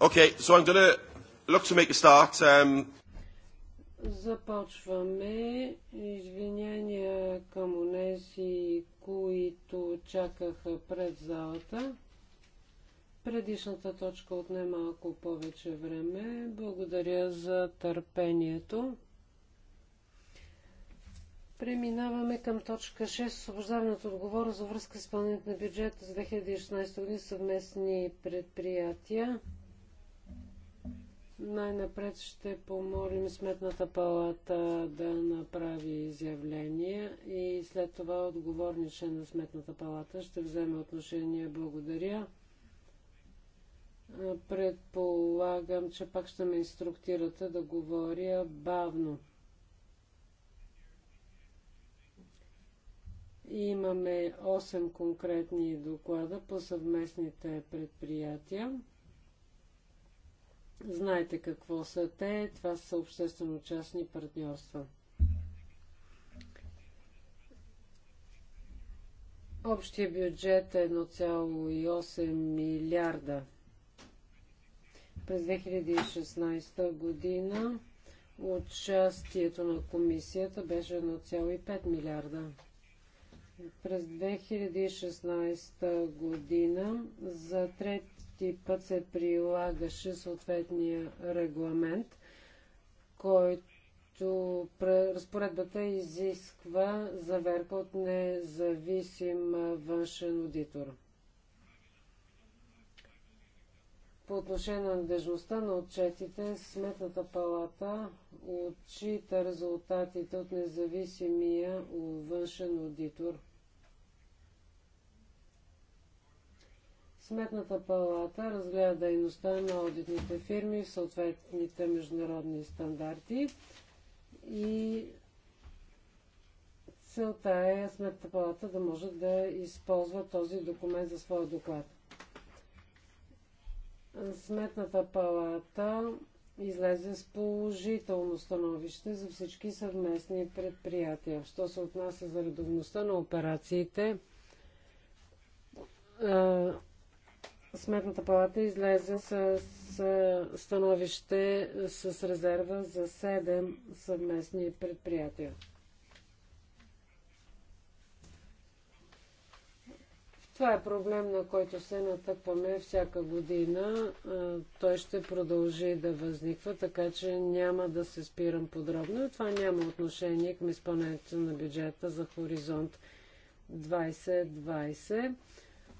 Okay, so I'm gonna look to make a start. Um... Започваме. Извинения към унеси, които чакаха пред залата. Предишната точка отне малко повече време. Благодаря за търпението. Преминаваме към точка 6. Освобождаването от отговора за връзка с изпълнението на бюджет за 2016 година съвместни предприятия. Най-напред ще помолим Сметната палата да направи изявление и след това отговорният член на Сметната палата ще вземе отношение. Благодаря. Предполагам, че пак ще ме инструктирате да говоря бавно. Имаме 8 конкретни доклада по съвместните предприятия. Знаете какво са те. Това са обществено-частни партньорства. Общия бюджет е 1,8 милиарда. През 2016 година участието на комисията беше 1,5 милиарда. През 2016 година за трети път се прилагаше съответния регламент, който разпоредбата изисква заверка от независим външен аудитор. По отношение на надежността на отчетите, Сметната палата отчита резултатите от независимия външен аудитор. Сметната палата разгледа дейността на аудитните фирми в съответните международни стандарти и целта е Сметната палата да може да използва този документ за своя доклад. Сметната палата излезе с положително становище за всички съвместни предприятия. Що се отнася за редовността на операциите, Сметната палата излезе с, с становище с резерва за 7 съвместни предприятия. Това е проблем, на който се натъкваме всяка година. Той ще продължи да възниква, така че няма да се спирам подробно. Това няма отношение към изпълнението на бюджета за Хоризонт 2020.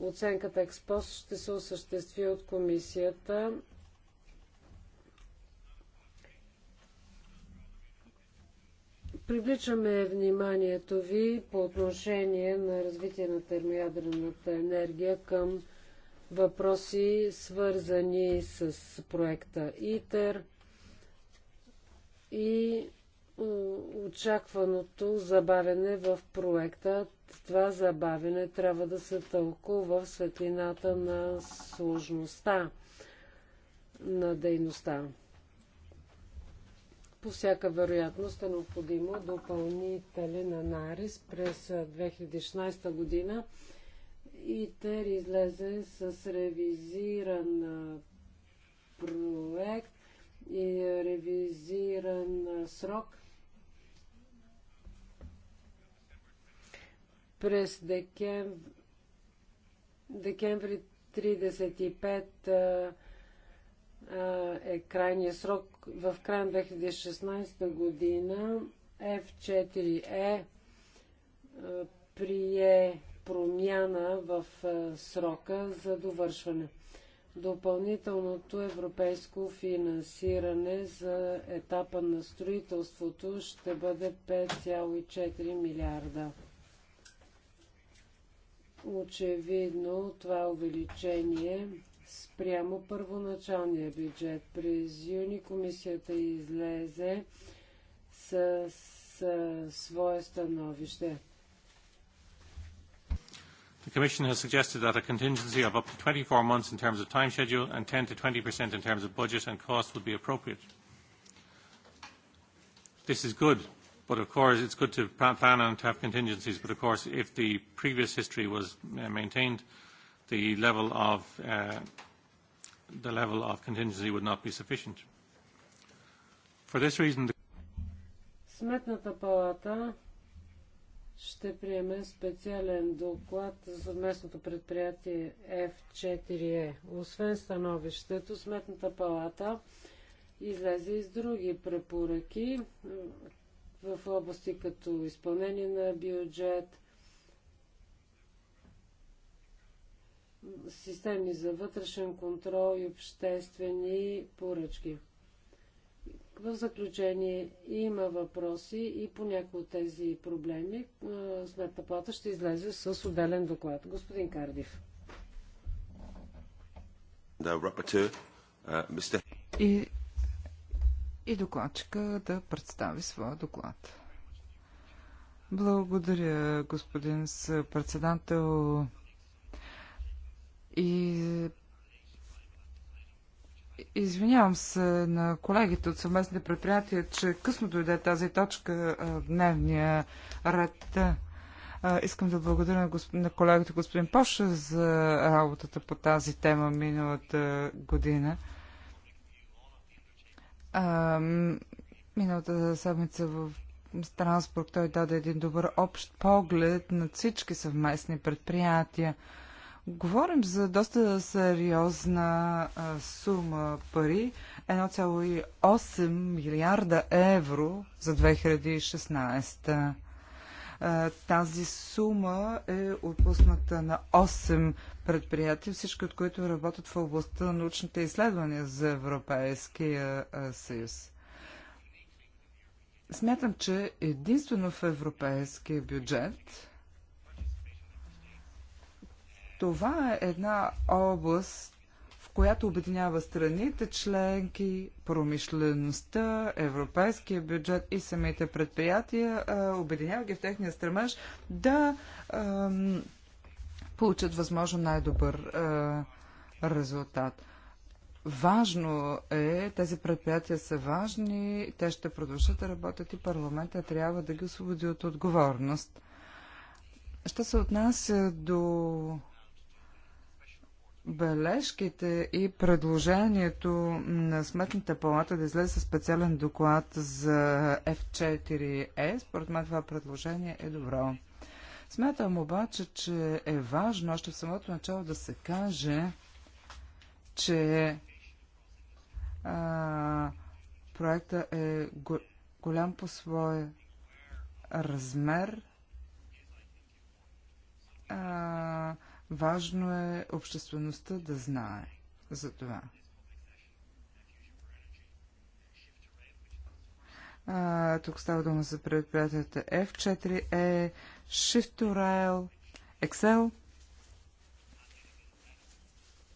Оценката експост ще се осъществи от комисията Привличаме вниманието ви по отношение на развитие на термоядрената енергия към въпроси, свързани с проекта ИТЕР и очакваното забавене в проекта. Това забавене трябва да се тълкува в светлината на сложността на дейността. По всяка вероятност е необходимо допълнителен анализ през 2016 година и те излезе с ревизиран проект и ревизиран срок – През декем... декември 35 е крайния срок. В края на 2016 година F4E е, прие промяна в срока за довършване. Допълнителното европейско финансиране за етапа на строителството ще бъде 5,4 милиарда. Очевидно това увеличение спрямо първоначалния бюджет. През юни комисията излезе с, с свое становище. The Commission has suggested that a contingency of up to 24 months in terms of time schedule and 10 to 20% in terms of budget and cost would be appropriate. This is good But of course, it's good to plan and to have contingencies. But of course, if the previous history was maintained, the level of uh, the level of contingency would not be sufficient. For this reason, the Сметната палата ще приеме специален доклад за местното предприятие F4E. Освен становището, Сметната палата излезе и с други препоръки в области като изпълнение на бюджет, системи за вътрешен контрол и обществени поръчки. В заключение има въпроси и по някои от тези проблеми Сметна плата ще излезе с отделен доклад. Господин Кардив. Uh, и и докладчика да представи своя доклад. Благодаря, господин председател. И Извинявам се на колегите от съвместни предприятия, че късно дойде тази точка в дневния ред. Искам да благодаря на, на колегата господин Поша за работата по тази тема миналата година. А, миналата седмица в Страсбург той даде един добър общ поглед на всички съвместни предприятия. Говорим за доста сериозна а, сума пари 1,8 милиарда евро за 2016. Тази сума е отпусната на 8 предприятия, всички от които работят в областта на научните изследвания за Европейския съюз. Смятам, че единствено в европейския бюджет това е една област, която обединява страните, членки, промишлеността, европейския бюджет и самите предприятия, обединява ги в техния стремеж да получат възможно най-добър резултат. Важно е, тези предприятия са важни, те ще продължат да работят и парламента трябва да ги освободи от отговорност. Що се отнася до бележките и предложението на Сметната палата да излезе със специален доклад за F4E, е, според мен това предложение е добро. Смятам обаче, че е важно още в самото начало да се каже, че а, проекта е голям по своя размер. А, Важно е обществеността да знае за това. А, тук става дума за предприятията F4E, Shift to Rail, Excel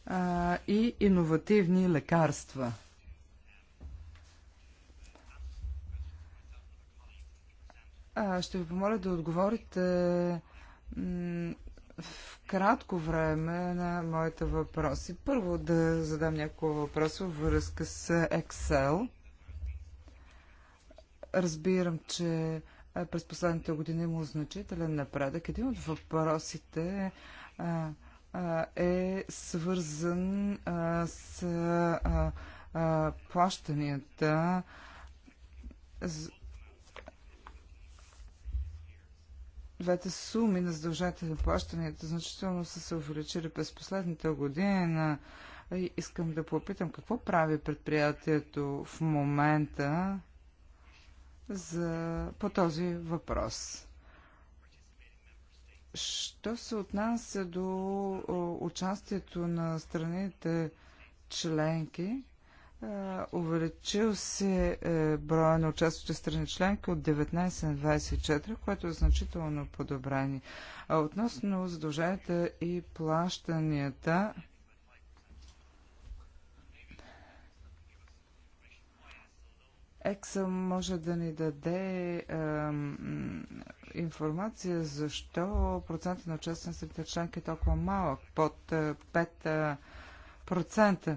а, и иновативни лекарства. А, ще ви помоля да отговорите в кратко време на моите въпроси. Първо да задам няколко въпроса във връзка с Excel. Разбирам, че през последните години има значителен напредък. Един от въпросите а, а, е свързан а, с а, а, плащанията двете суми на задължателни плащанията значително са се увеличили през последните години. Искам да попитам какво прави предприятието в момента за, по този въпрос. Що се отнася до участието на страните членки, Увеличил се е, броя на участващите страни членки от 19 на 24, което е значително подобрение. А относно задълженията и плащанията, Ексъл може да ни даде е, информация защо процентът на участниците членки е толкова малък, под 5%. Е,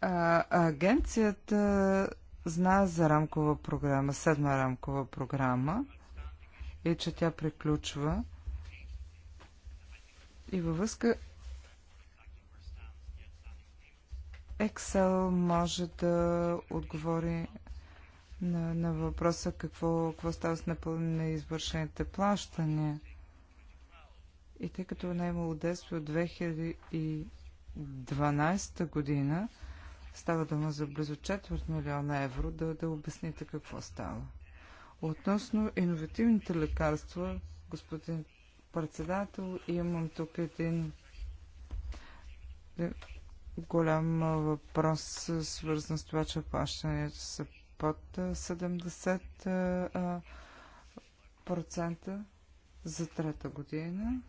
А, агенцията знае за рамкова програма, седма рамкова програма и че тя приключва. И във връзка Excel може да отговори на, на въпроса какво, какво става с неизвършените плащания. И тъй като не е имало действие от 2012 година, Става дума за близо четвърт милиона евро, да, да обясните какво става. Относно иновативните лекарства, господин председател, имам тук един е, голям въпрос, свързан с това, че плащанията са под 70% за трета година.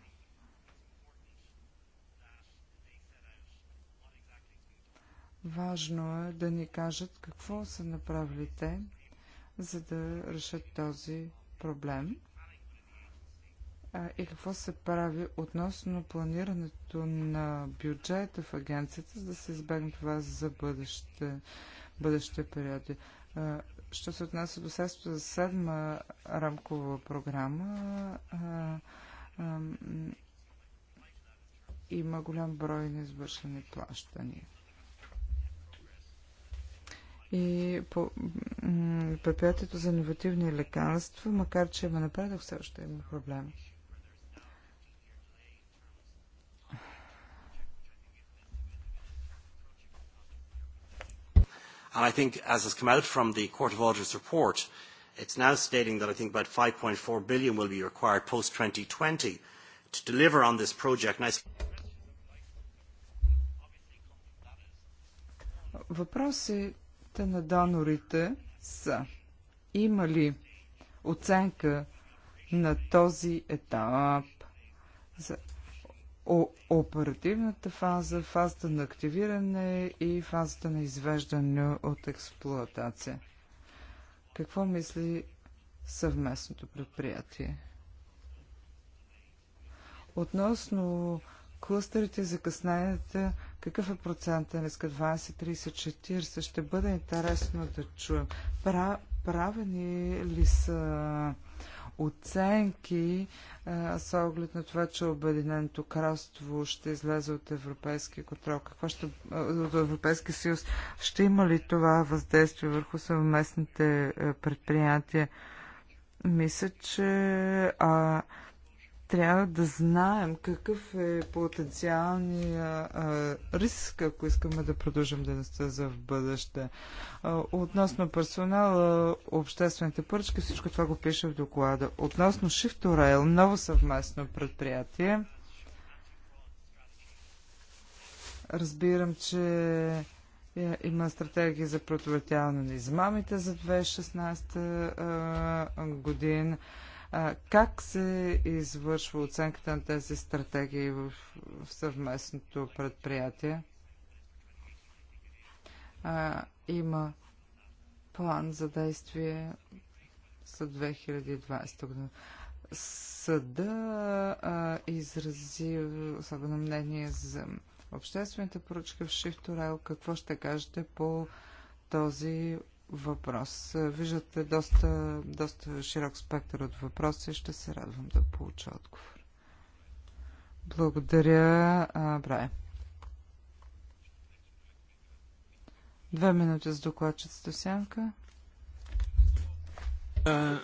Важно е да ни кажат какво са направили те, за да решат този проблем и какво се прави относно планирането на бюджета в агенцията, за да се избегне това за бъдеще, бъдеще периоди. Що се отнася до следството за седма рамкова програма, има голям брой на извършени плащания и по, предприятието за иновативни лекарства, макар че има напредък, все още има проблем. And I think, as has come out from the Court of Auditors report, it's now stating that I think about 5.4 billion will be required post-2020 to deliver on this project. And I... Въпрос е Оценките на донорите са има ли оценка на този етап за оперативната фаза, фазата на активиране и фазата на извеждане от експлоатация. Какво мисли съвместното предприятие? Относно клъстерите, закъсненията, какъв е процента риска 20, 30, 40, ще бъде интересно да чуем. правени ли са оценки а, с оглед на това, че Обединеното кралство ще излезе от Европейския контрол? Какво ще, от Европейския съюз? Ще има ли това въздействие върху съвместните предприятия? Мисля, че а, трябва да знаем какъв е потенциалния риск, ако искаме да продължим дейността за в бъдеще. относно персонала, обществените поръчки, всичко това го пише в доклада. Относно Shift Rail, ново съвместно предприятие, разбирам, че е, има стратегия за противотяване на измамите за 2016 година. Как се извършва оценката на тези стратегии в съвместното предприятие? Има план за действие за 2020 година. Съда а, изрази особено мнение за обществените поръчки в Shift Какво ще кажете по този въпрос. Виждате доста, доста широк спектър от въпроси. Ще се радвам да получа отговор. Благодаря, Брай. Две минути с докладчицата Сянка. Е,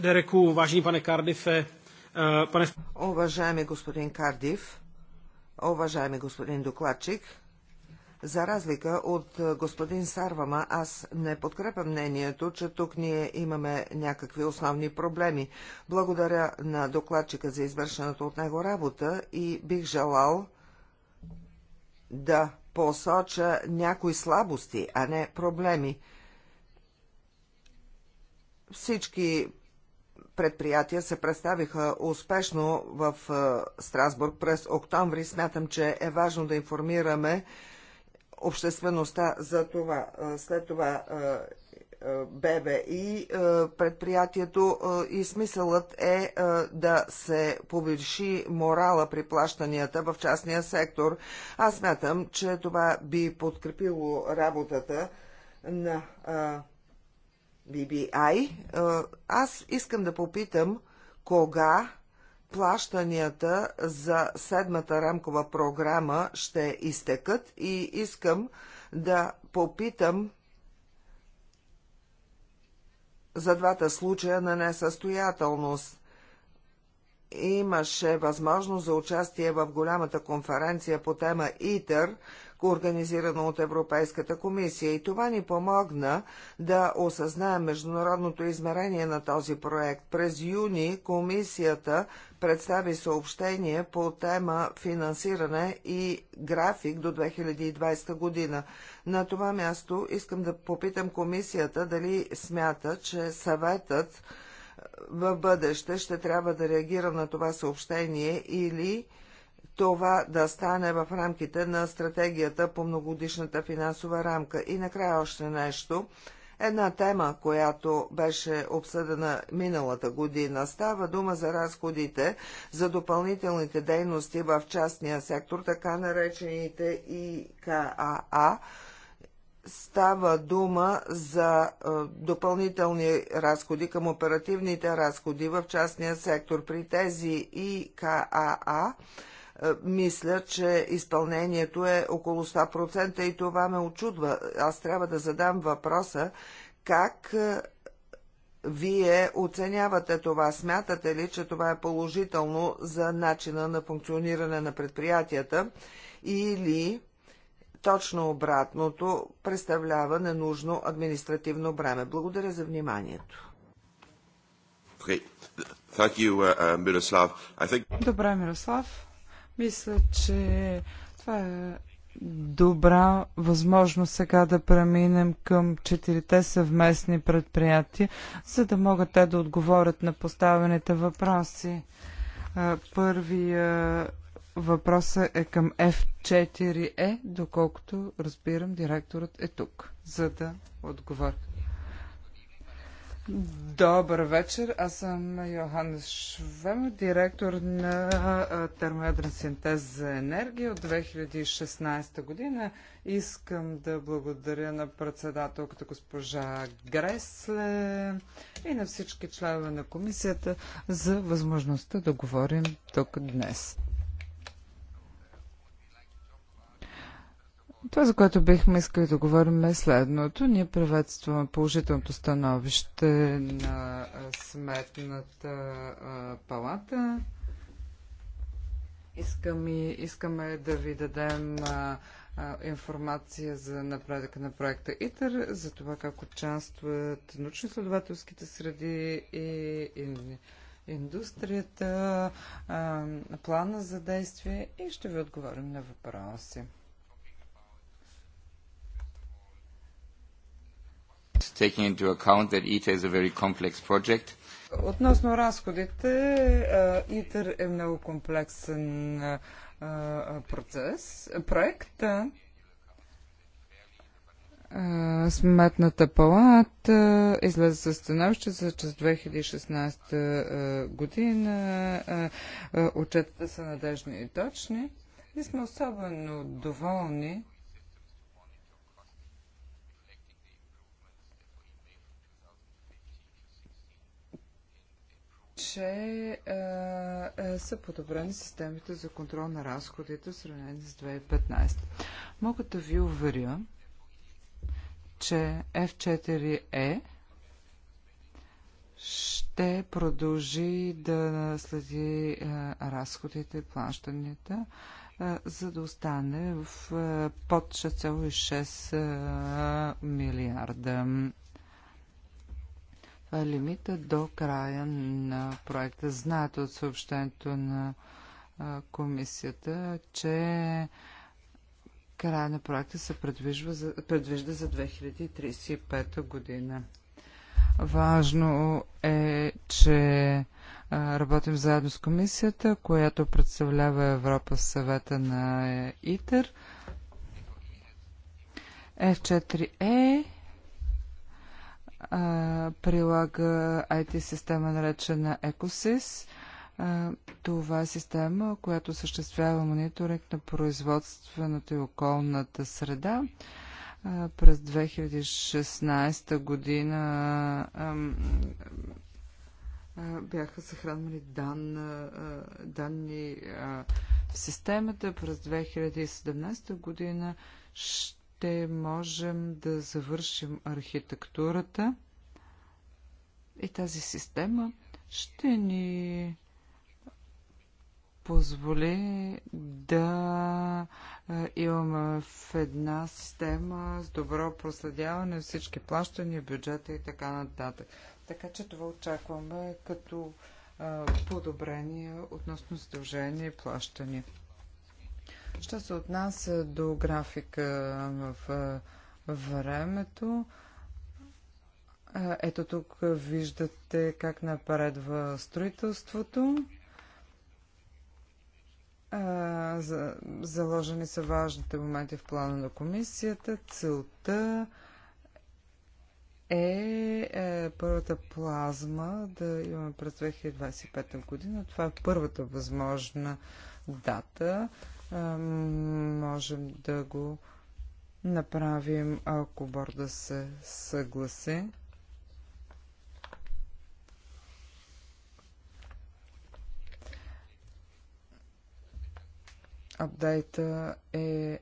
Дереку, важни пане Кардиф, е, Пане... Уважаеми господин Кардив, уважаеми господин докладчик, за разлика от господин Сарвама, аз не подкрепям мнението, че тук ние имаме някакви основни проблеми. Благодаря на докладчика за извършената от него работа и бих желал да посоча някои слабости, а не проблеми. Всички предприятия се представиха успешно в Страсбург през октомври. Смятам, че е важно да информираме обществеността за това. След това и предприятието и смисълът е да се повиши морала при плащанията в частния сектор. Аз смятам, че това би подкрепило работата на BBI. Аз искам да попитам кога плащанията за седмата рамкова програма ще изтекат и искам да попитам за двата случая на несъстоятелност. Имаше възможност за участие в голямата конференция по тема ИТЕР, организирано от Европейската комисия. И това ни помогна да осъзнаем международното измерение на този проект. През юни комисията представи съобщение по тема финансиране и график до 2020 година. На това място искам да попитам комисията дали смята, че съветът в бъдеще ще трябва да реагира на това съобщение или това да стане в рамките на стратегията по многогодишната финансова рамка. И накрая още нещо. Една тема, която беше обсъдена миналата година, става дума за разходите за допълнителните дейности в частния сектор, така наречените ИКАА. Става дума за е, допълнителни разходи към оперативните разходи в частния сектор. При тези ИКАА е, мисля, че изпълнението е около 100% и това ме очудва. Аз трябва да задам въпроса как е, вие оценявате това? Смятате ли, че това е положително за начина на функциониране на предприятията или точно обратното представлява ненужно административно бреме? Благодаря за вниманието. Okay. Мирослав. Uh, uh, think... Добре, Мирослав. Мисля, че това е добра възможност сега да преминем към четирите съвместни предприятия, за да могат те да отговорят на поставените въпроси. Първия въпрос е към F4E, доколкото разбирам, директорът е тук, за да отговори. Добър вечер. Аз съм Йохан Швем, директор на термоядрен синтез за енергия от 2016 година. Искам да благодаря на председателката госпожа Гресле и на всички членове на комисията за възможността да говорим тук днес. Това, за което бихме искали да говорим е следното. Ние приветстваме положителното становище на Сметната палата. Искаме, искаме да ви дадем информация за напредъка на проекта ИТЕР, за това как участват научно-следователските среди и, и индустрията, плана за действие и ще ви отговорим на въпроси. Taking into account that ITER is a very complex project. Относно разходите, ИТЕР е много комплексен процес, проект. Сметната палата излезе със становище за че с 2016 година отчетите са надежни и точни. Ние сме особено доволни че е, е, са подобрени системите за контрол на разходите в сравнение с 2015. Мога да ви уверя, че F4E ще продължи да следи е, разходите и плащанията, е, за да остане в е, под 6,6 е, милиарда лимита до края на проекта. Знаете от съобщението на комисията, че края на проекта се предвижда за, предвижда за 2035 година. Важно е, че работим заедно с комисията, която представлява Европа в съвета на е, ИТЕР. F4E прилага IT-система, наречена EcoSys. Това е система, която съществява мониторинг на производствената и околната среда. През 2016 година бяха съхранвани данни в системата. През 2017 година ще ще можем да завършим архитектурата и тази система ще ни позволи да имаме в една система с добро проследяване всички плащания, бюджета и така нататък. Така че това очакваме като подобрение относно задължение и плащания. Що се отнася до графика в времето, ето тук виждате как напредва строителството. Заложени са важните моменти в плана на комисията. Целта е, е първата плазма да имаме през 2025 година. Това е първата възможна дата можем да го направим, ако борда се съгласи. Апдейта е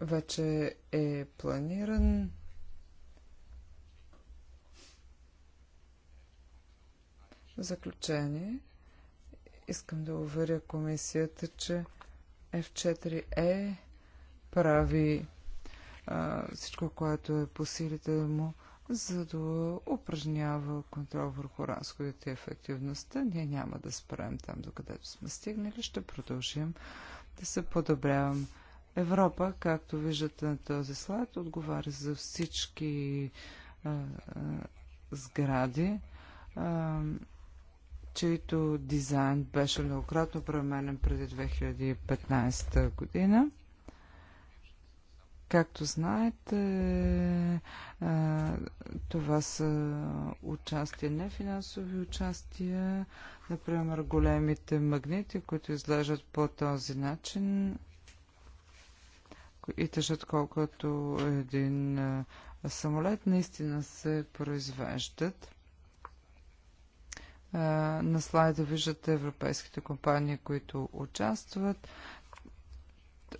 вече е планиран. заключение Искам да уверя комисията, че F4E прави а, всичко, което е по силите му, за да упражнява контрол върху разходите и ефективността. Ние няма да спрем там, докъдето сме стигнали. Ще продължим да се подобрявам. Европа, както виждате на този слайд, отговаря за всички а, а, сгради. А, чийто дизайн беше многократно променен преди 2015 година. Както знаете, това са участия, не финансови участия, например големите магнити, които изглеждат по този начин и тежат колкото един самолет, наистина се произвеждат. На слайда виждате европейските компании, които участват.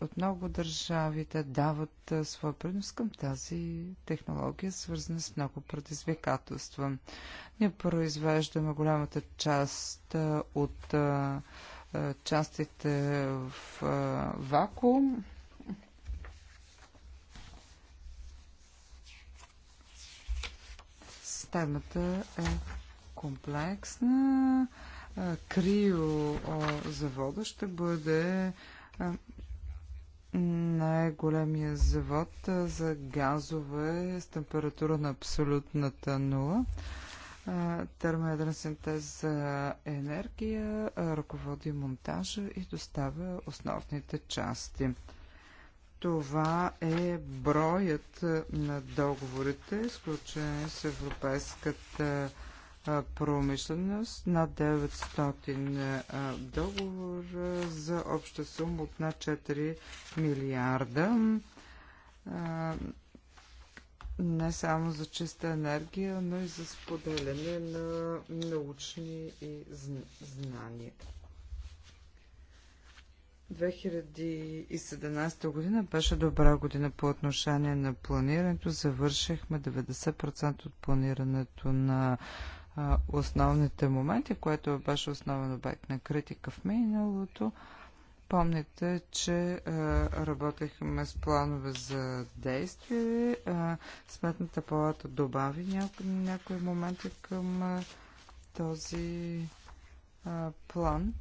От много държавите дават своя принос към тази технология, свързана с много предизвикателства. Ние произвеждаме голямата част от частите в вакуум, Системата е комплексна. Крио завода ще бъде най-големия завод за газове с температура на абсолютната нула. Термоядрен синтез за енергия ръководи монтажа и доставя основните части. Това е броят на договорите, сключени с Европейската промишленост, над 900 договора за обща сума от над 4 милиарда. Не само за чиста енергия, но и за споделяне на научни и знания. 2017 година беше добра година по отношение на планирането. Завършихме 90% от планирането на основните моменти, което беше основен обект на критика в миналото. Помните, че а, работехме с планове за действие. А, сметната палата добави няко, някои моменти към а, този а, план.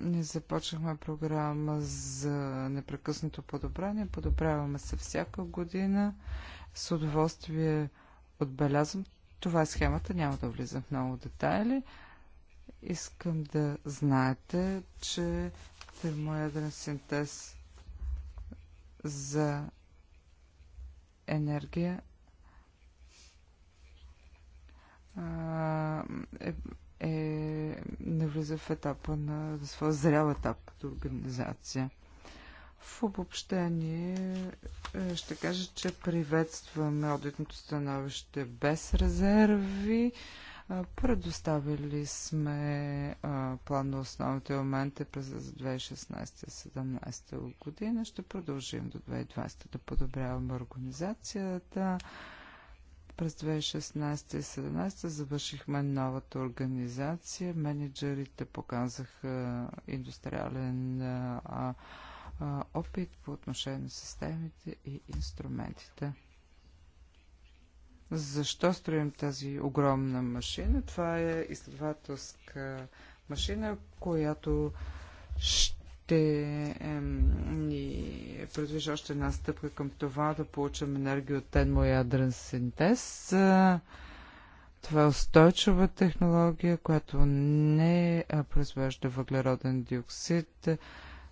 ние започнахме програма за непрекъснато подобрение. Подобряваме се всяка година. С удоволствие отбелязвам. Това е схемата. Няма да влизам в много детайли. Искам да знаете, че термоядрен синтез за енергия е е, навлиза в етапа на, на своя зрял етап като организация. В обобщение е, ще кажа, че приветстваме одитното становище без резерви. Е, предоставили сме е, план на основните моменти през 2016-2017 година. Ще продължим до 2020 да подобряваме организацията. През 2016 и 2017 завършихме новата организация. Менеджерите показаха индустриален а, а, опит по отношение на системите и инструментите. Защо строим тази огромна машина? Това е изследователска машина, която ще ще ни предвижда още една стъпка към това да получим енергия от термоядрен синтез. Е, това е устойчива технология, която не е произвежда въглероден диоксид.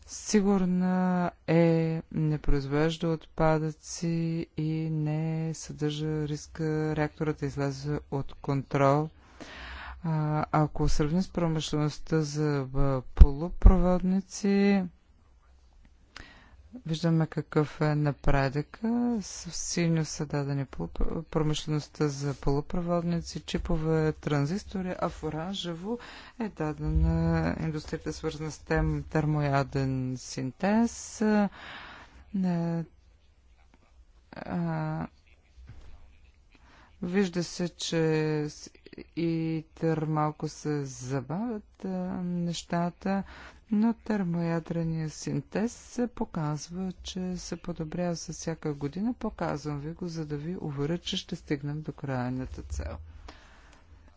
Сигурна е, не произвежда отпадъци и не съдържа риска реакторът да излезе от контрол ако сравним с промишлеността за полупроводници, виждаме какъв е напредъка. силно са дадени промишлеността за полупроводници, чипове, транзистори, а в оранжево е дадена индустрията свързана с тем термояден синтез. Вижда се, че и тър малко се забавят а, нещата, но термоядрения синтез се показва, че се подобрява с всяка година. Показвам ви го, за да ви уверя, че ще стигнем до крайната цел.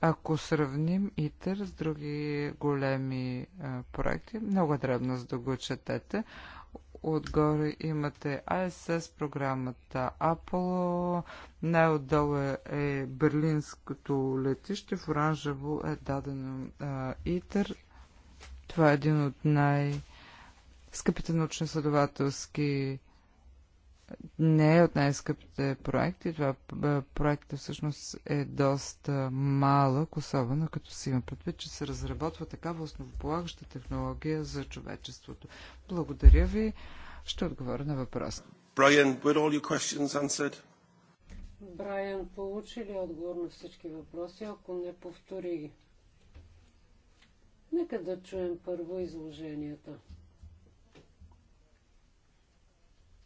Ако сравним ИТЕР с други големи а, проекти, много е дребно за да го четете, отгоре имате ISS, програмата Apollo, най-отдолу е, е Берлинското летище, в оранжево е дадено ИТЕР. Това е един от най- скъпите научно-следователски не е от най-скъпите проекти. Това проект всъщност е доста малък, особено като си има предвид, че се разработва такава основополагаща технология за човечеството. Благодаря ви. Ще отговоря на въпроса. were all your questions answered? Брайан, получи ли отговор на всички въпроси, ако не повтори ги? Нека да чуем първо изложенията.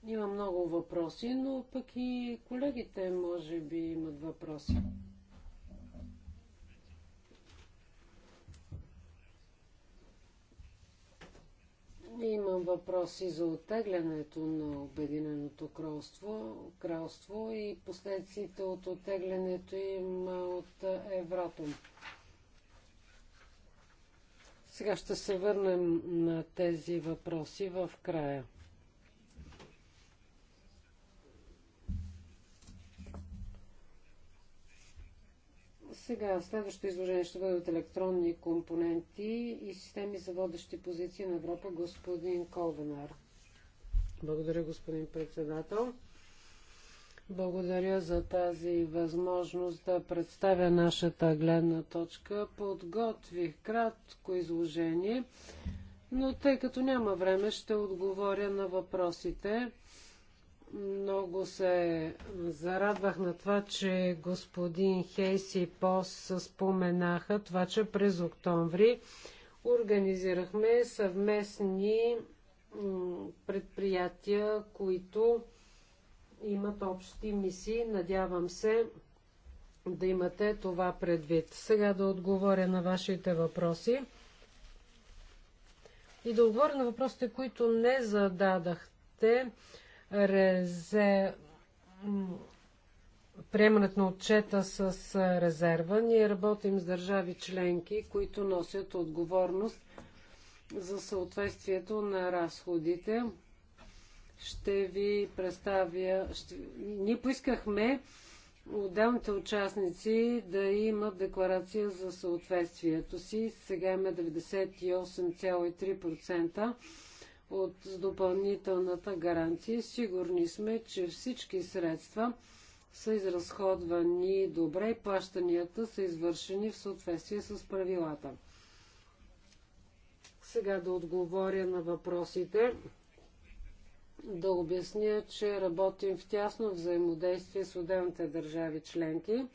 Има много въпроси, но пък и колегите може би имат въпроси. Имам въпроси за оттеглянето на Обединеното кралство, кралство и последиците от оттеглянето им от Евратом. Сега ще се върнем на тези въпроси в края. Сега, следващото изложение ще бъде от електронни компоненти и системи за водещи позиции на Европа, господин Колвенар. Благодаря, господин председател. Благодаря за тази възможност да представя нашата гледна точка. Подготвих кратко изложение, но тъй като няма време, ще отговоря на въпросите. Много се зарадвах на това, че господин Хейс и Пос споменаха това, че през октомври организирахме съвместни предприятия, които имат общи мисии. Надявам се да имате това предвид. Сега да отговоря на вашите въпроси и да отговоря на въпросите, които не зададахте резе... приемането на отчета с резерва. Ние работим с държави членки, които носят отговорност за съответствието на разходите. Ще ви представя... Ще... Ние поискахме отделните участници да имат декларация за съответствието си. Сега има 98,3% от допълнителната гаранция. Сигурни сме, че всички средства са изразходвани добре и плащанията са извършени в съответствие с правилата. Сега да отговоря на въпросите. Да обясня, че работим в тясно взаимодействие с отделните държави членки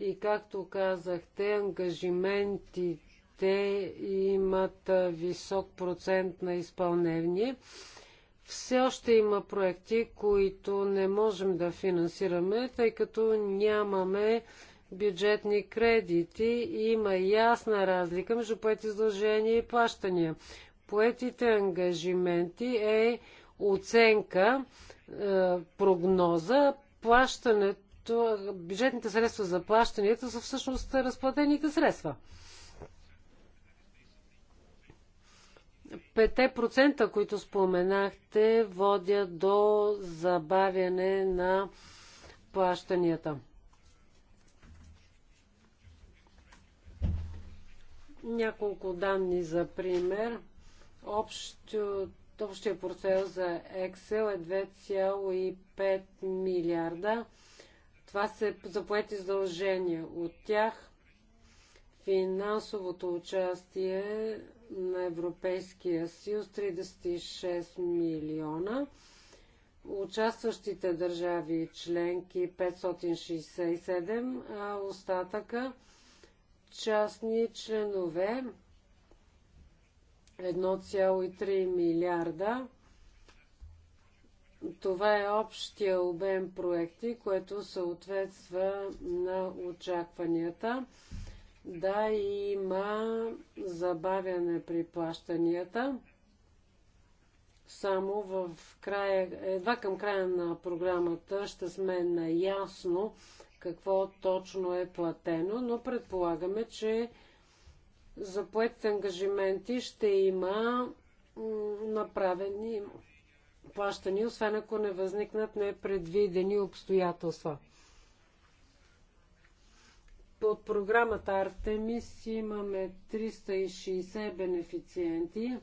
и както казахте, ангажиментите те имат висок процент на изпълнение. Все още има проекти, които не можем да финансираме, тъй като нямаме бюджетни кредити и има ясна разлика между поети задължения и плащания. Поетите ангажименти е оценка, прогноза, плащането, бюджетните средства за плащанията са всъщност разплатените средства. Пете процента, които споменахте, водят до забавяне на плащанията. Няколко данни за пример. Общо, общия портфел за Excel е 2,5 милиарда. Това се заплати задължения. От тях финансовото участие на Европейския съюз 36 милиона. Участващите държави членки 567, а остатъка частни членове 1,3 милиарда. Това е общия обем проекти, което съответства на очакванията. Да, има забавяне при плащанията. Само в края, едва към края на програмата ще сме наясно какво точно е платено, но предполагаме, че за поетите ангажименти ще има направени плащания, освен ако не възникнат непредвидени обстоятелства. Под програмата Артемис имаме 360 бенефициенти,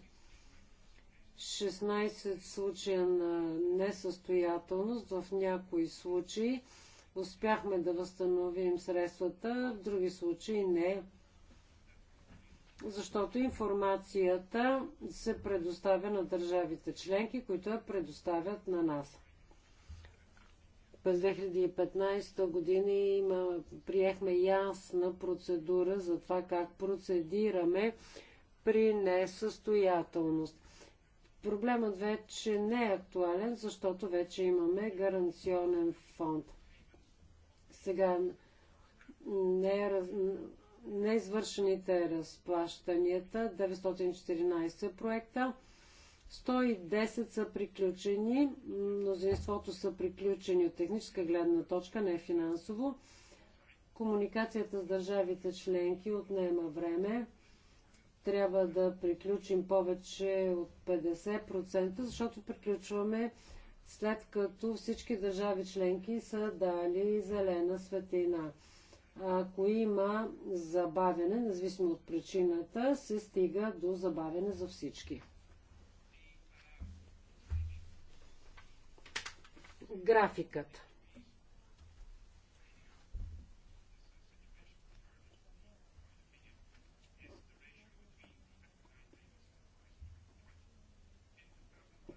16 случая на несъстоятелност, в някои случаи успяхме да възстановим средствата, в други случаи не защото информацията се предоставя на държавите членки, които я предоставят на нас. През 2015 година има, приехме ясна процедура за това как процедираме при несъстоятелност. Проблемът вече не е актуален, защото вече имаме гаранционен фонд. Сега не, е неизвършените разплащанията, 914 проекта, 110 са приключени, мнозинството са приключени от техническа гледна точка, не финансово. Комуникацията с държавите членки отнема време. Трябва да приключим повече от 50%, защото приключваме след като всички държави членки са дали зелена светлина. Ако има забавяне, независимо от причината, се стига до забавяне за всички. графикът.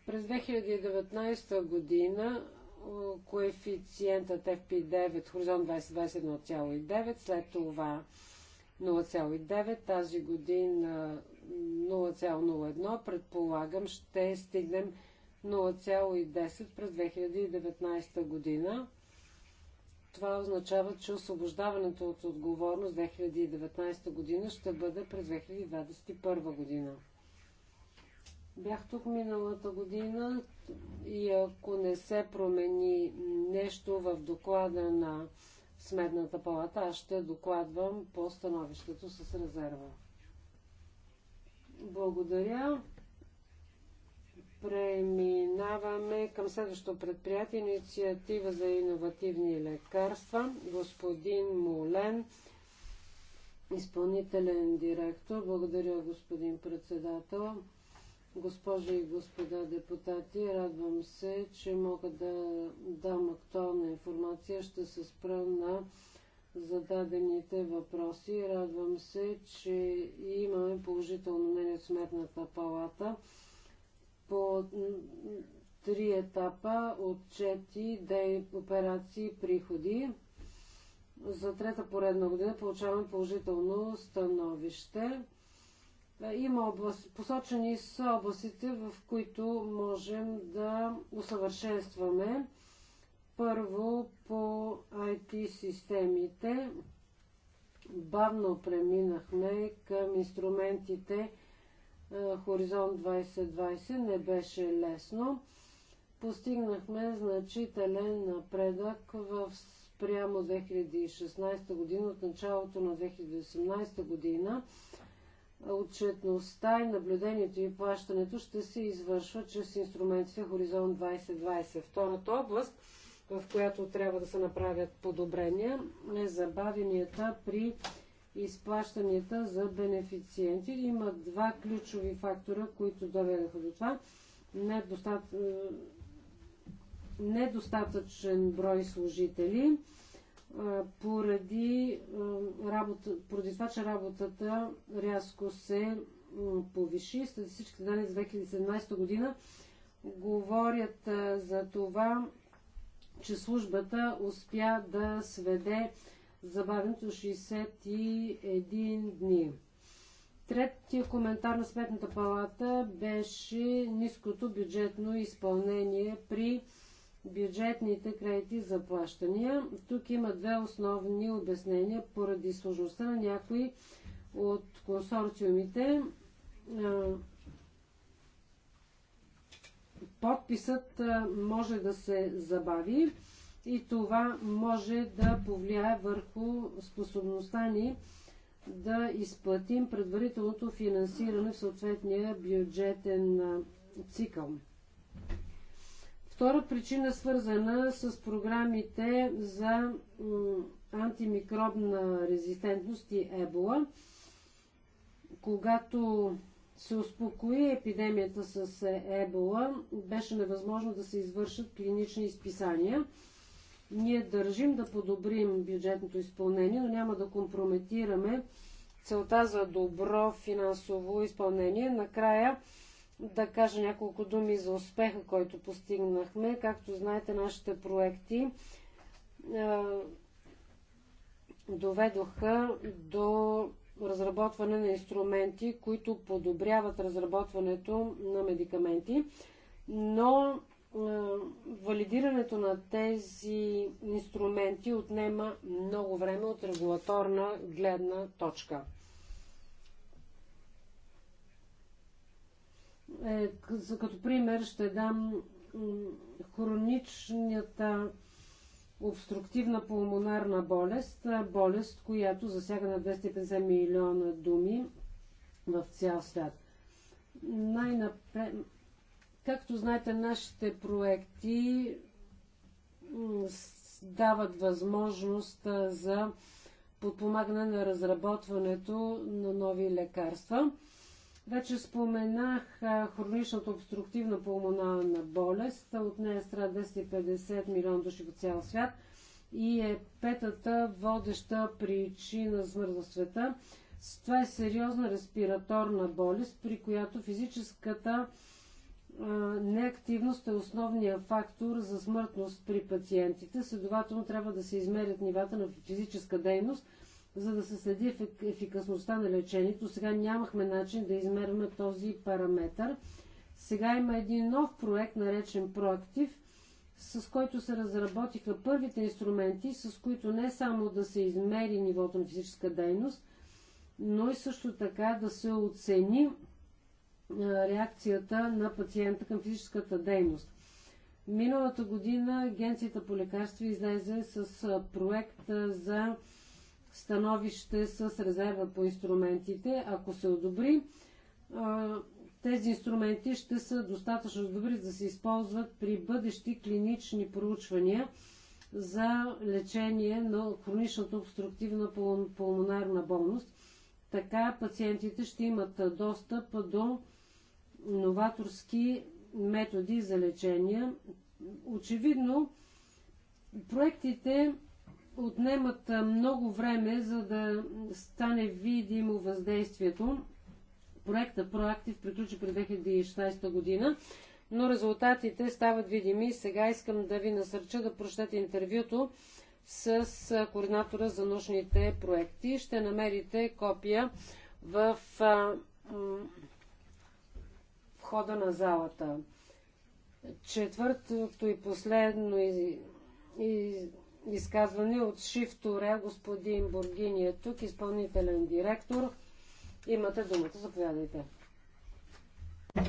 През 2019 година е, коефициентът FP9 хоризонт 1,9, след това 0,9, тази година 0,01, предполагам ще стигнем 0,10 през 2019 година. Това означава, че освобождаването от отговорност 2019 година ще бъде през 2021 година. Бях тук миналата година и ако не се промени нещо в доклада на Сметната палата, аз ще докладвам по становището с резерва. Благодаря. Преминаваме към следващото предприятие инициатива за иновативни лекарства. Господин Молен, изпълнителен директор. Благодаря, господин председател. Госпожи и господа депутати, радвам се, че мога да дам актуална информация. Ще се спра на зададените въпроси. Радвам се, че имаме положително мнение от Сметната палата по три етапа отчети, дей, операции, приходи. За трета поредна година получаваме положително становище. Е, има област, посочени са областите, в които можем да усъвършенстваме. Първо по IT системите бавно преминахме към инструментите, е, Хоризонт 2020 не беше лесно. Постигнахме значителен напредък в спрямо 2016 година, от началото на 2018 година. Отчетността и наблюдението и плащането ще се извършва чрез инструментите Хоризонт 2020. Втората област, в която трябва да се направят подобрения, е забавенията при изплащанията за бенефициенти. Има два ключови фактора, които доведаха до това. Недостат... Е, недостатъчен брой служители е, поради, е, работа, поради това, че работата рязко се повиши. всички данни за 2017 година говорят за това, че службата успя да сведе забавенето 61 дни. Третия коментар на Сметната палата беше ниското бюджетно изпълнение при бюджетните кредити за плащания. Тук има две основни обяснения поради сложността на някои от консорциумите. Подписът може да се забави и това може да повлияе върху способността ни да изплатим предварителното финансиране в съответния бюджетен цикъл. Втора причина свързана с програмите за антимикробна резистентност и ебола. Когато се успокои епидемията с е, ебола, беше невъзможно да се извършат клинични изписания – ние държим да подобрим бюджетното изпълнение, но няма да компрометираме целта за добро финансово изпълнение. Накрая да кажа няколко думи за успеха, който постигнахме. Както знаете, нашите проекти е, доведоха до разработване на инструменти, които подобряват разработването на медикаменти, но е, валидирането на тези инструменти отнема много време от регулаторна гледна точка. Е, като пример ще дам хроничната обструктивна пулмонарна болест, е, болест, която засяга на 250 милиона думи в цял свят. Най-напред Както знаете, нашите проекти дават възможност за подпомагане на разработването на нови лекарства. Вече споменах хроничната обструктивна пулмонална болест. От нея страда 250 милиона души по цял свят и е петата водеща причина смърт в света. Това е сериозна респираторна болест, при която физическата неактивност е основният фактор за смъртност при пациентите. Следователно трябва да се измерят нивата на физическа дейност, за да се следи ефик ефикасността на лечението. Сега нямахме начин да измерваме този параметр. Сега има един нов проект, наречен Проактив, с който се разработиха първите инструменти, с които не само да се измери нивото на физическа дейност, но и също така да се оцени реакцията на пациента към физическата дейност. Миналата година Агенцията по лекарства излезе с проект за становище с резерва по инструментите. Ако се одобри, тези инструменти ще са достатъчно добри да се използват при бъдещи клинични проучвания за лечение на хроничната обструктивна пулмонарна болност. Така пациентите ще имат достъп до новаторски методи за лечение. Очевидно, проектите отнемат много време, за да стане видимо въздействието. Проекта Проактив приключи през 2016 година, но резултатите стават видими. Сега искам да ви насърча да прочетете интервюто с координатора за научните проекти. Ще намерите копия в входа на залата. Четвъртото и последно из... Из... изказване от шифтора господин Бургини е тук, изпълнителен директор. Имате думата, заповядайте.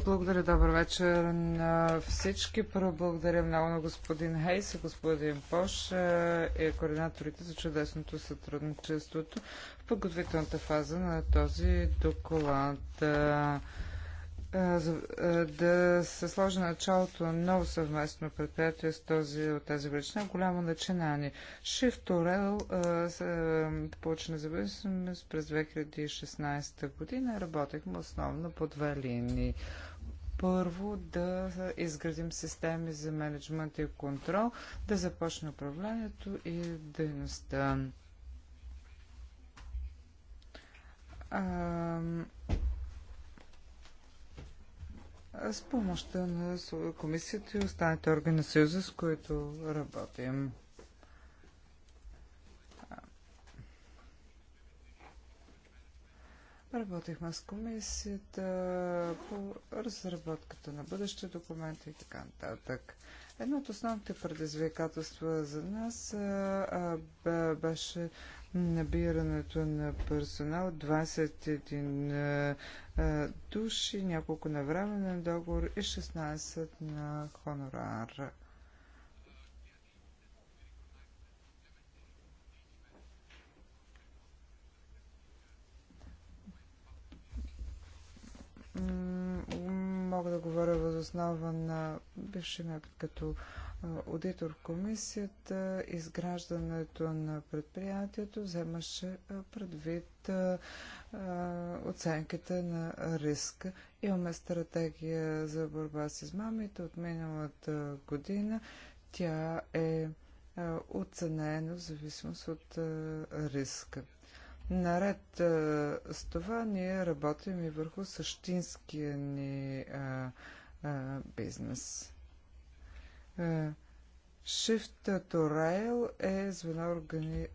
Благодаря, добър вечер на всички. Първо благодаря много на господин Хейс и господин Пош е, и координаторите за чудесното сътрудничеството в подготвителната фаза на този доклад. Е, да се сложи началото на ново съвместно предприятие с този, от тази величина, голямо начинание. Shift Orel получи независимост през 2016 година. Работехме основно по две линии. Първо да изградим системи за менеджмент и контрол, да започне управлението и дейността. А, с помощта на комисията и останалите органи на Съюза, с които работим. Работихме с комисията по разработката на бъдещи документи и така нататък. Едно от основните предизвикателства за нас беше набирането на персонал 21 души, няколко на временен договор и 16 на хонорар. Mm мога да говоря възоснова на бившия ми като аудитор в комисията, изграждането на предприятието вземаше предвид оценката на риска. Имаме стратегия за борба с измамите от миналата година. Тя е оценена в зависимост от риска. Наред с това ние работим и върху същинския ни а, а, бизнес. Shift to Rail е звено органи...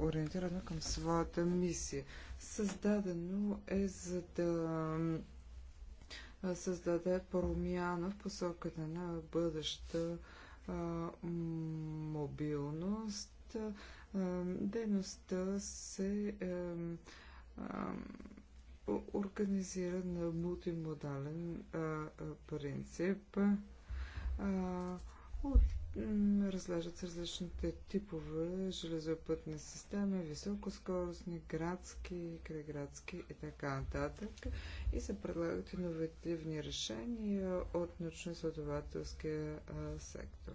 ориентирано към своята мисия. Създадено е за да създаде промяна в посоката на бъдеща а, мобилност. Дейността се организира на мултимодален принцип. От разглеждат с различните типове железопътни системи, високоскоростни, градски, крайградски и така нататък. И се предлагат иновативни решения от научно-изследователския сектор.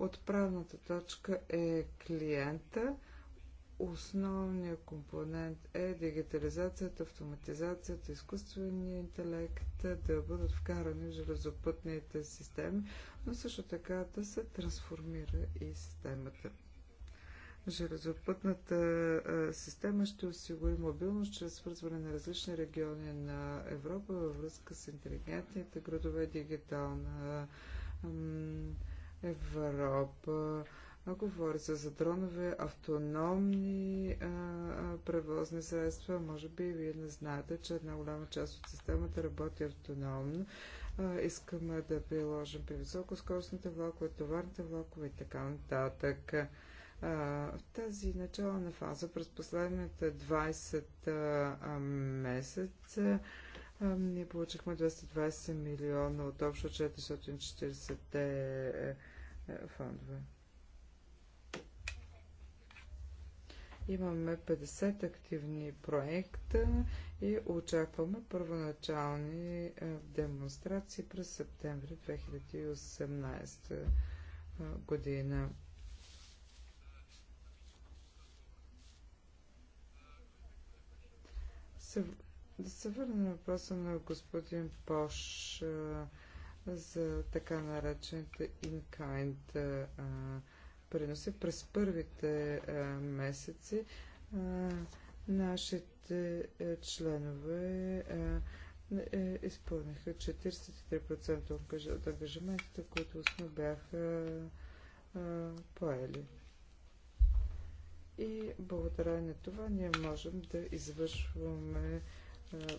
Отправната точка е клиента. Основният компонент е дигитализацията, автоматизацията, изкуствения интелект да бъдат вкарани в железопътните системи, но също така да се трансформира и системата. Железопътната система ще осигури мобилност чрез свързване на различни региони на Европа във връзка с интелигентните градове, дигитална Европа говори се за дронове, автономни а, а, превозни средства. Може би вие не знаете, че една голяма част от системата работи автономно. А, искаме да приложим при високоскоростните влакове, товарните влакове и така нататък. А, в тази начална фаза през последните 20 а, месеца ние получихме 220 милиона от общо 440 е, фондове. Имаме 50 активни проекта и очакваме първоначални е, демонстрации през септември 2018 е, година. Да се върнем на въпроса на господин Пош за така наречените in-kind приноси. През първите а, месеци а, нашите е, а, членове е, изпълниха 43% от ангажиментите, които сме бяха поели. И благодарение на това ние можем да извършваме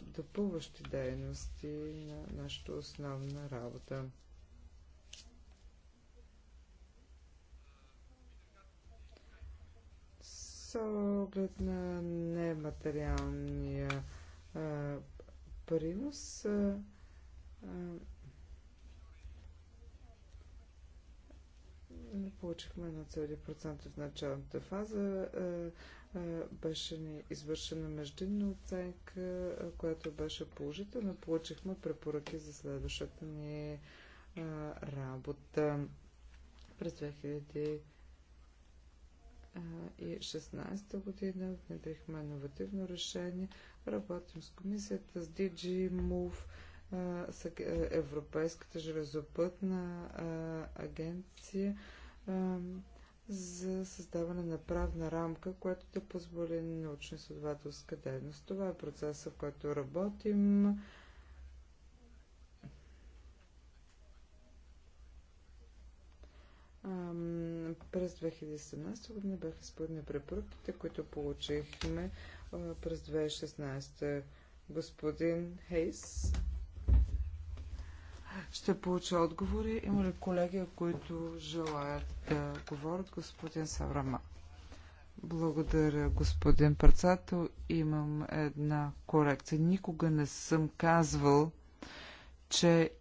допълващи дейности на нашата основна работа. С оглед на нематериалния а, принос, а, получихме на 1% в началната фаза. А, е, беше ни извършена междинна оценка, е, която беше положителна. Получихме препоръки за следващата ни е, работа през 2016 година. Внедрихме иновативно решение. Работим с комисията, с DG Move, с Европейската железопътна агенция за създаване на правна рамка, която да позволи научно-изследователска дейност. Това е процеса, в който работим. през 2017 година бяха изпълнени препоръките, които получихме през 2016. Господин Хейс ще получа отговори. Има ли колеги, които желаят да говорят? Господин Саврама. Благодаря, господин председател. Имам една корекция. Никога не съм казвал, че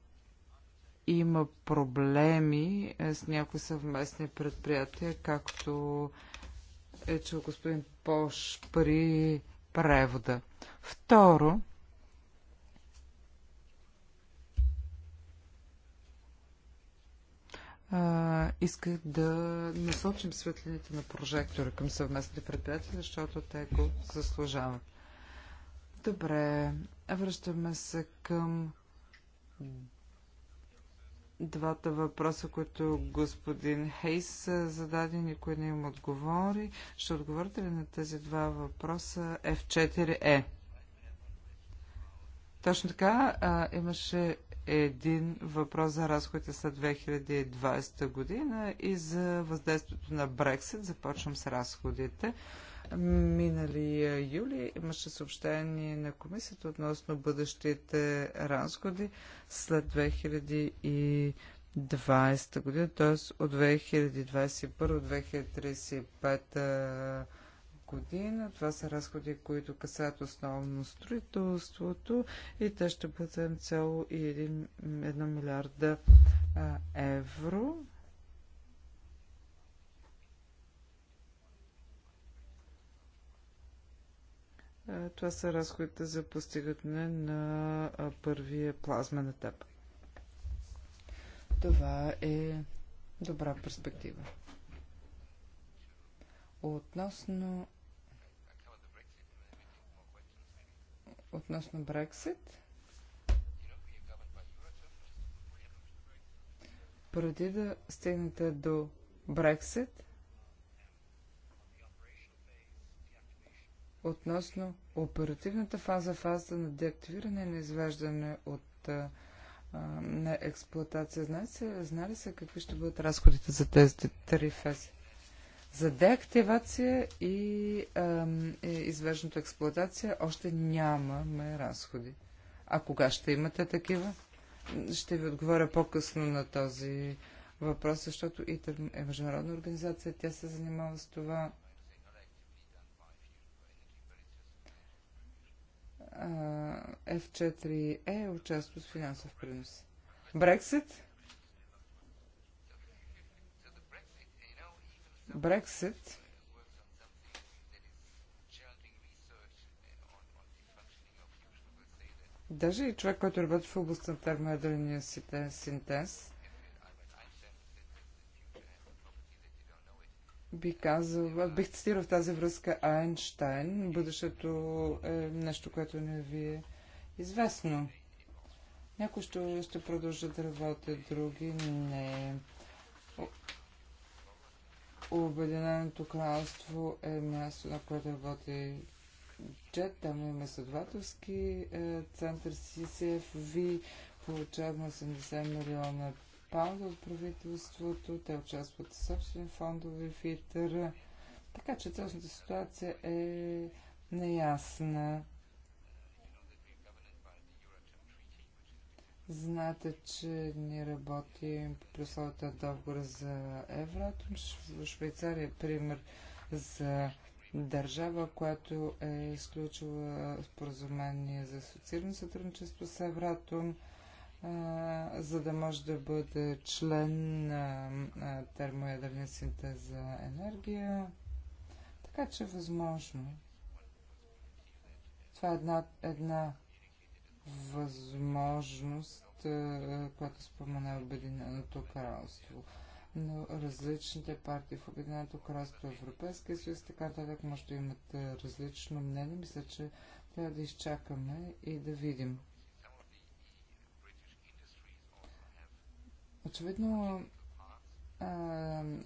има проблеми е, с някои съвместни предприятия, както е чул господин Пош при превода. Второ, а, исках да насочим светлините на прожектора към съвместните предприятия, защото те го заслужават. Добре, връщаме се към двата въпроса, които господин Хейс зададе, никой не им отговори. Ще отговорите ли на тези два въпроса F4E? Точно така, а, имаше един въпрос за разходите след 2020 година и за въздействието на Брексит. Започвам с разходите. Минали юли имаше съобщение на комисията относно бъдещите разходи след 2020 година, т.е. от 2021 до 2035 но Това са разходи, които касаят основно строителството и те ще бъдат 1 милиарда евро. Това са разходите за постигане на първия плазмен етап. Това е добра перспектива. Относно Относно Брексит, преди да стигнете до Брексит, относно оперативната фаза, фаза на деактивиране и на извеждане от на експлуатация. Знаете, знали се какви ще бъдат разходите за тези три фази? За деактивация и ам, е, извеждането експлуатация още нямаме разходи. А кога ще имате такива? Ще ви отговоря по-късно на този въпрос, защото ИТЕР е международна организация, тя се занимава с това. F4E участва с финансов принос. Брексит? Брексит Даже и човек, който работи в областта на термоядрения синтез, би казал, бих цитирал в тази връзка Айнштайн, бъдещето е нещо, което не ви е известно. Някои ще, ще продължат да работят, други не. Обединеното кралство е място, на което работи джет, там има съдователски е, център CCFV, на 80 милиона паунда от правителството, те участват в собствени фондове в ИТР, така че цялостната ситуация е неясна. Знаете, че ние работим по условията на договора за Евратом. Швейцария е пример за държава, която е изключила споразумение за асоциирано сътрудничество с Евратом, за да може да бъде член на термоядрения синтез за енергия. Така че е възможно. Това е една, една възможност, която спомена Обединеното кралство Но различните партии в Обединеното кралство Европейския съюз, така нататък може да имат различно мнение. Мисля, че трябва да изчакаме и да видим. Очевидно,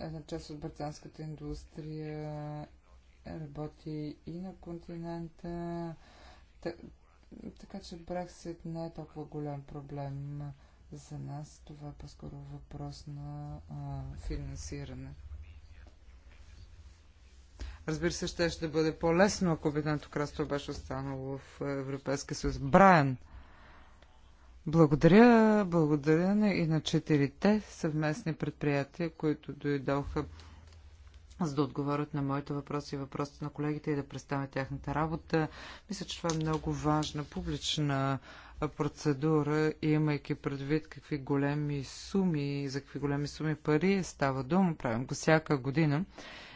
една част от британската индустрия работи и на континента. Така че Брексит не е толкова голям проблем за нас. Това е по-скоро въпрос на а, финансиране. Разбира се, ще, ще бъде по-лесно, ако Обединеното кралство беше останало в Европейския съюз. Брайан, благодаря, благодаря и на четирите съвместни предприятия, които дойдоха за да отговорят на моите въпроси и въпросите на колегите и да представят тяхната работа. Мисля, че това е много важна публична процедура, имайки предвид какви големи суми, за какви големи суми пари става дума, правим го всяка година.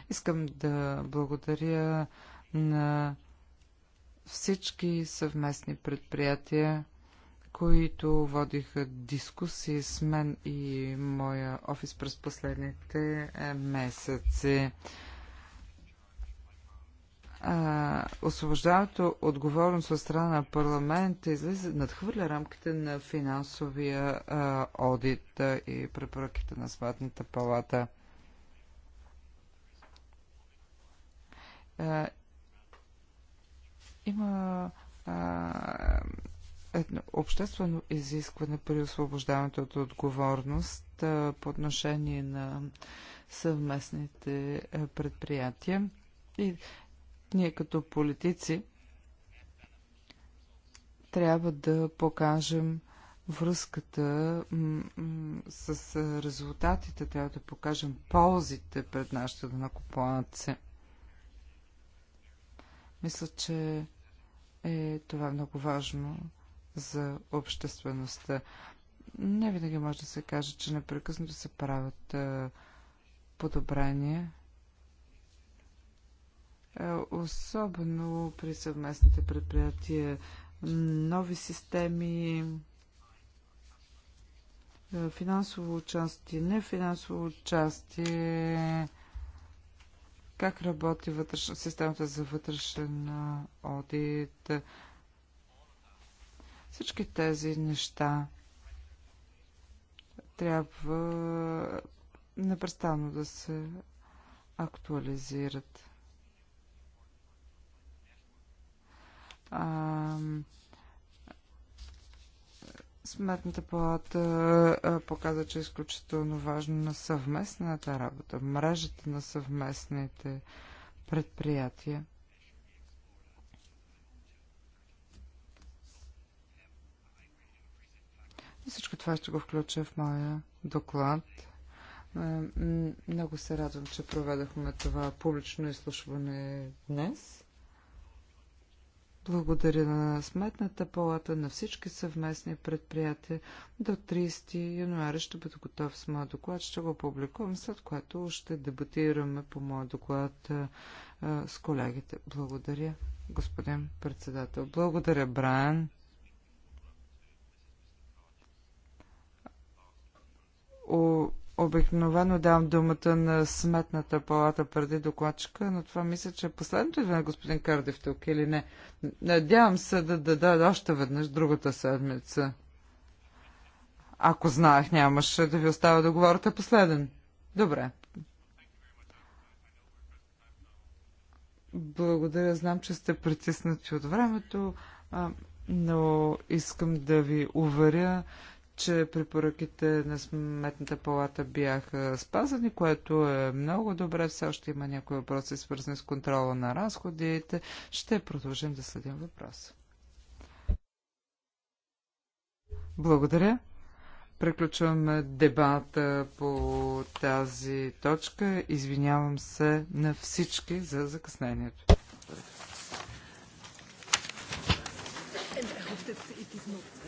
Искам да благодаря на всички съвместни предприятия, които водиха дискусии с мен и моя офис през последните е, месеци. освобождаването отговорност от страна на парламента излиза, надхвърля рамките на финансовия а, одит а, и препоръките на Сватната палата. А, има а, едно обществено изискване при освобождаването от отговорност а, по отношение на съвместните а, предприятия. И ние като политици трябва да покажем връзката с резултатите, трябва да покажем ползите пред нашите данакопланци. Мисля, че е това е много важно за обществеността. Не винаги може да се каже, че непрекъснато се правят подобрения е, особено при съвместните предприятия, нови системи, е, финансово участие, нефинансово участие, как работи вътреш... системата за вътрешен одит, всички тези неща трябва непрестанно да се актуализират. А, Сметната палата показа, че е изключително важно на съвместната работа, мрежата на съвместните предприятия. Всичко това ще го включа в моя доклад. Е, много се радвам, че проведахме това публично изслушване днес. Благодаря на Сметната палата, на всички съвместни предприятия. До 30 януаря ще бъда готов с моя доклад, ще го публикувам, след което ще дебатираме по моя доклад а, е, е, с колегите. Благодаря, господин председател. Благодаря, Бран. обикновено давам думата на сметната палата преди докладчика, но това мисля, че е последното идване на господин Кардев тук или не. Надявам се да даде да, още веднъж другата седмица. Ако знаех, нямаше да ви оставя да говорите последен. Добре. Благодаря. Знам, че сте притиснати от времето, но искам да ви уверя, че препоръките на Сметната палата бяха спазани, което е много добре. Все още има някои въпроси, свързани с контрола на разходите. Ще продължим да следим въпроса. Благодаря. Преключваме дебата по тази точка. Извинявам се на всички за закъснението. And I hope that it is not